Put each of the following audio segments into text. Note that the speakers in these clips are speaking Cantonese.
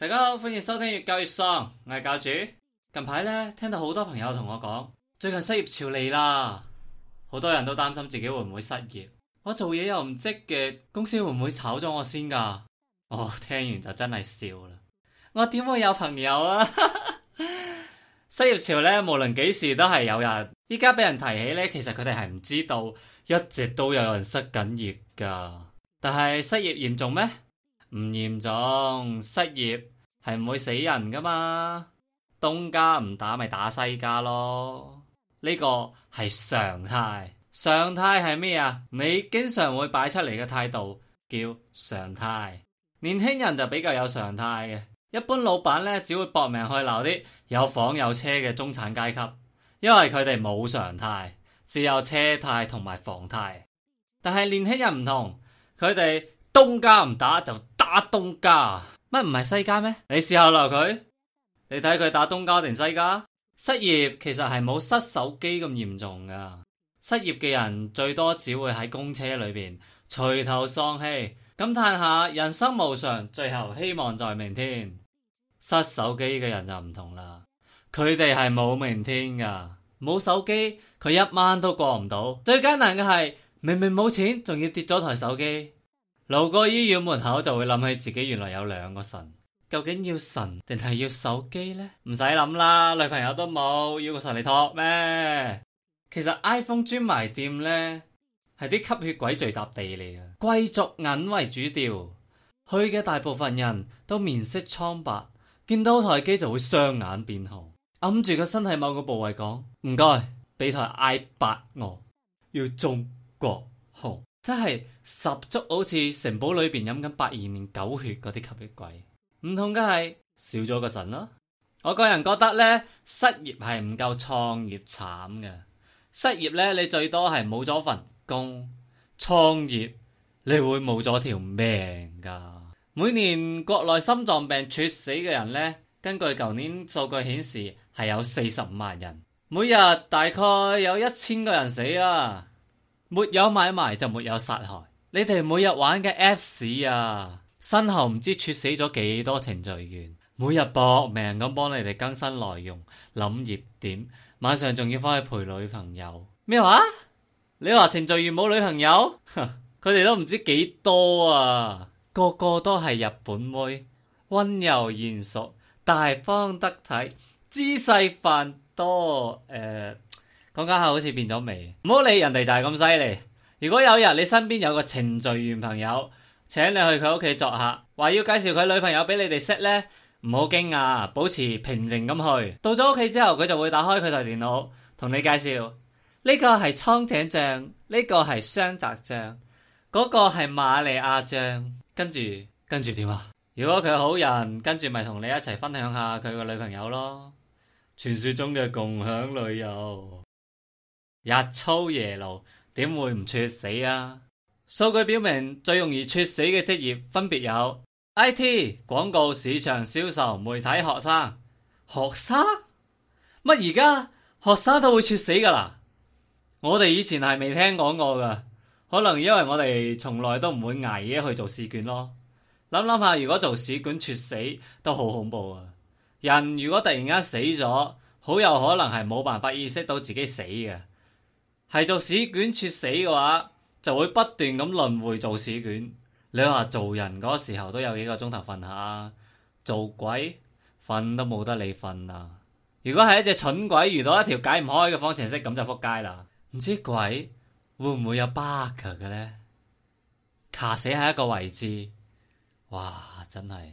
大家好，歡迎收聽《粵教粵喪》，我係教主。近排咧聽到好多朋友同我講，最近失業潮嚟啦，好多人都擔心自己會唔會失業。我做嘢又唔積極，公司會唔會炒咗我先噶？我聽完就真係笑啦。我點會有朋友啊？ 失業潮咧，無論幾時都係有人。依家俾人提起咧，其實佢哋係唔知道，一直都有人失緊業噶。但係失業嚴重咩？唔嚴重，失業係唔會死人噶嘛？東家唔打咪打西家咯。呢個係常態，常態係咩啊？你經常會擺出嚟嘅態度叫常態。年輕人就比較有常態嘅，一般老闆咧只會搏命去鬧啲有房有車嘅中產階級，因為佢哋冇常態，只有車貸同埋房貸。但係年輕人唔同，佢哋東家唔打就打東家乜唔係西家咩？你試下鬧佢，你睇佢打東家定西家？失業其實係冇失手機咁嚴重噶。失業嘅人最多只會喺公車裏邊垂頭喪氣，感嘆下人生無常，最後希望在明天。失手機嘅人就唔同啦，佢哋係冇明天噶，冇手機佢一晚都過唔到。最艱難嘅係明明冇錢，仲要跌咗台手機。路過醫院門口就會諗起自己原來有兩個腎。究竟要腎定係要手機呢？唔使諗啦，女朋友都冇，要個腎嚟托咩？其實 iPhone 專賣店呢，係啲吸血鬼聚集地嚟啊！貴族銀為主調，去嘅大部分人都面色蒼白，見到台機就會雙眼變紅，揞住個身體某個部位講：唔該，俾台 iPhone 八我，要中國紅。真係十足好似城堡裏邊飲緊八二年狗血嗰啲吸血鬼，唔同嘅係少咗個腎咯。我個人覺得呢，失業係唔夠創業慘嘅。失業呢，你最多係冇咗份工；創業，你會冇咗條命噶。每年國內心臟病猝死嘅人呢，根據舊年數據顯示係有四十五萬人，每日大概有一千個人死啦。沒有買賣就沒有殺害。你哋每日玩嘅 Apps 啊，身後唔知猝死咗幾多程序員，每日搏命咁幫你哋更新內容、諗熱點，晚上仲要翻去陪女朋友。咩話？你話程序員冇女朋友？佢哋都唔知幾多啊，個個都係日本妹，溫柔賢淑、大方得體、姿勢繁多誒。呃講家下好似變咗味，唔好理人哋就係咁犀利。如果有日你身邊有個程序員朋友，請你去佢屋企作客，話要介紹佢女朋友俾你哋識呢，唔好驚訝，保持平靜咁去。到咗屋企之後，佢就會打開佢台電腦，同你介紹呢個係蒼井醬，呢個係雙澤醬，嗰個係瑪利亞醬，跟住跟住點啊？如果佢好人，跟住咪同你一齊分享下佢個女朋友咯，傳說中嘅共享女友。日操夜勞，點會唔猝死啊？數據表明，最容易猝死嘅職業分別有 I T、廣告、市場、銷售、媒體、學生。學生？乜而家學生都會猝死噶啦。我哋以前係未聽講過噶，可能因為我哋從來都唔會挨夜去做試卷咯。諗諗下，如果做試卷猝死都好恐怖啊！人如果突然間死咗，好有可能係冇辦法意識到自己死嘅。係做試卷猝死嘅話，就會不斷咁輪回做試卷。你話做人嗰時候都有幾個鐘頭瞓下，做鬼瞓都冇得你瞓啦。如果係一隻蠢鬼遇到一條解唔開嘅方程式，咁就撲街啦。唔知鬼會唔會有 bug 嘅咧？卡死喺一個位置，哇！真係，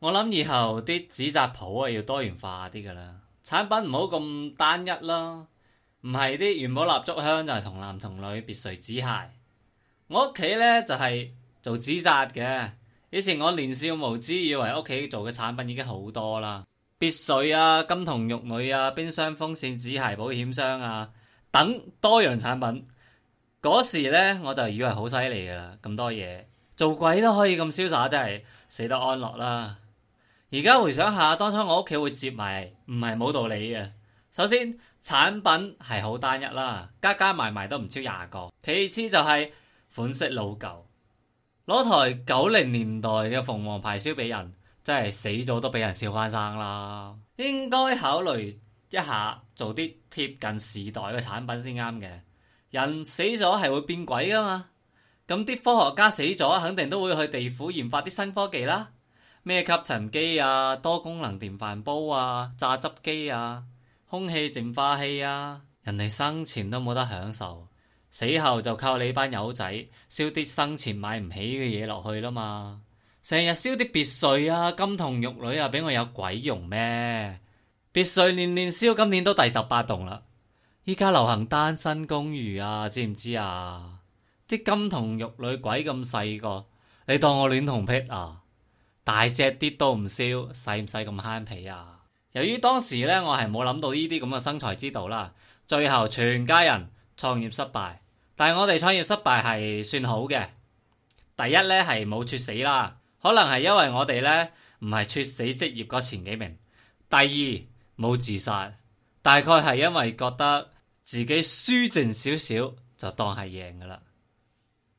我諗以後啲紙紮鋪啊要多元化啲噶啦，產品唔好咁單一咯。唔係啲元寶蠟燭香，就係童男童女別墅紙鞋。我屋企咧就係做紙紮嘅。以前我年少無知，以為屋企做嘅產品已經好多啦，別墅啊、金童玉女啊、冰箱風扇紙鞋、保險箱啊等多樣產品。嗰時咧我就以為好犀利噶啦，咁多嘢，做鬼都可以咁瀟灑，真係死得安樂啦。而家回想下當初我屋企會接埋，唔係冇道理嘅。首先，產品係好單一啦，加加埋埋都唔超廿個。其次就係款式老舊，攞台九零年代嘅鳳凰牌燒俾人，真係死咗都俾人笑翻生啦。應該考慮一下做啲貼近時代嘅產品先啱嘅。人死咗係會變鬼噶嘛？咁啲科學家死咗，肯定都會去地府研發啲新科技啦，咩吸塵機啊、多功能電飯煲啊、榨汁機啊。空氣淨化器啊，人哋生前都冇得享受，死後就靠你班友仔燒啲生前買唔起嘅嘢落去啦嘛。成日燒啲別墅啊，金童玉女啊，俾我有鬼用咩？別墅年年燒，今年都第十八棟啦。依家流行單身公寓啊，知唔知啊？啲金童玉女鬼咁細個，你當我戀童癖啊？大隻啲都唔燒，使唔使咁慳皮啊？由於當時呢，我係冇諗到呢啲咁嘅生財之道啦。最後全家人創業失敗，但我哋創業失敗係算好嘅。第一呢係冇猝死啦，可能係因為我哋呢唔係猝死職業嘅前幾名。第二冇自殺，大概係因為覺得自己輸淨少少就當係贏噶啦。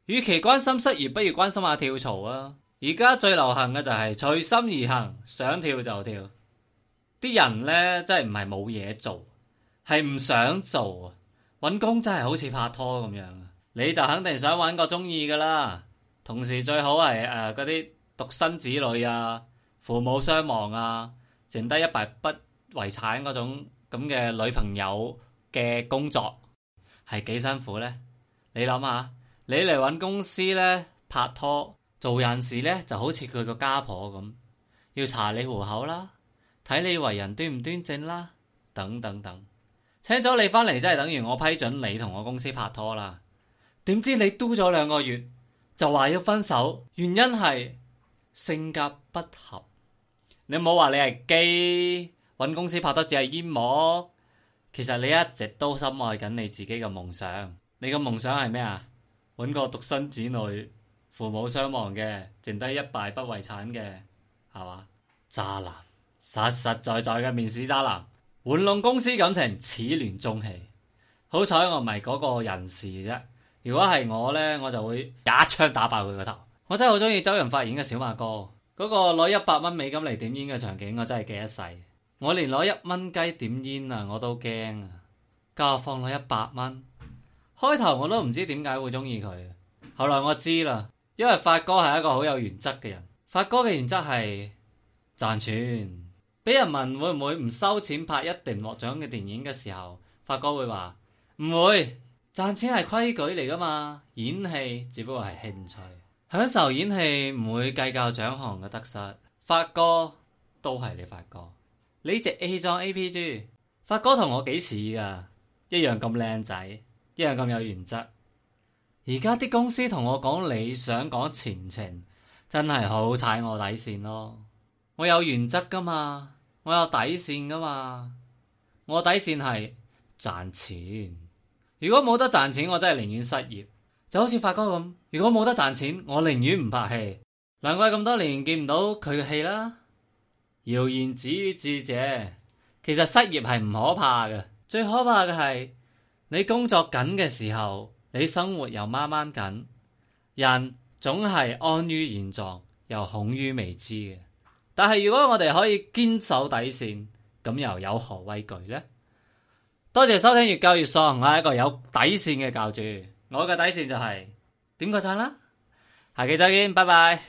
與其關心失業，不如關心下跳槽啊！而家最流行嘅就係隨心而行，想跳就跳。啲人咧真係唔係冇嘢做，係唔想做啊！揾工真係好似拍拖咁樣啊！你就肯定想揾個中意噶啦，同時最好係誒嗰啲獨生子女啊、父母雙亡啊、剩低一筆遺產嗰種咁嘅女朋友嘅工作係幾辛苦咧？你諗下，你嚟揾公司咧拍拖做人事咧，就好似佢個家婆咁，要查你戶口啦。睇你為人端唔端正啦，等等等，請咗你翻嚟，真係等於我批准你同我公司拍拖啦。點知你嘟咗兩個月就話要分手，原因係性格不合。你唔好話你係基，揾公司拍拖只係煙幕，其實你一直都深愛緊你自己嘅夢想。你嘅夢想係咩啊？揾個獨生子女，父母雙亡嘅，剩低一敗不遺產嘅，係嘛，渣男。實實在在嘅面試渣男，玩弄公司感情，始亂終棄。好彩我唔係嗰個人士啫。如果係我呢，我就會一槍打爆佢個頭。我真係好中意周潤發演嘅小馬哥嗰個攞一百蚊美金嚟點煙嘅場景，我真係記一世。我連攞一蚊雞點煙啊，我都驚啊。家放攞一百蚊，開頭我都唔知點解會中意佢。後來我知啦，因為發哥係一個好有原則嘅人。發哥嘅原則係賺錢。俾人問會唔會唔收錢拍一定獲獎嘅電影嘅時候，發哥會話唔會，賺錢係規矩嚟噶嘛。演戲只不過係興趣，享受演戲唔會計較獎項嘅得失。發哥都係你發哥，你只 A 狀 APG，發哥同我幾似噶，一樣咁靚仔，一樣咁有原則。而家啲公司同我講理想，講前程，真係好踩我底線咯。我有原則噶嘛，我有底線噶嘛。我底線係賺錢。如果冇得賺錢，我真係寧願失業。就好似發哥咁，如果冇得賺錢，我寧願唔拍戲。難怪咁多年見唔到佢嘅戲啦。謠言止於智者。其實失業係唔可怕嘅，最可怕嘅係你工作緊嘅時候，你生活又掹掹緊。人總係安於現狀，又恐於未知嘅。但係如果我哋可以堅守底線，咁又有何畏懼呢？多謝收聽《越教越喪》。我係一個有底線嘅教主，我嘅底線就係、是、點個讚啦！下期再見，拜拜。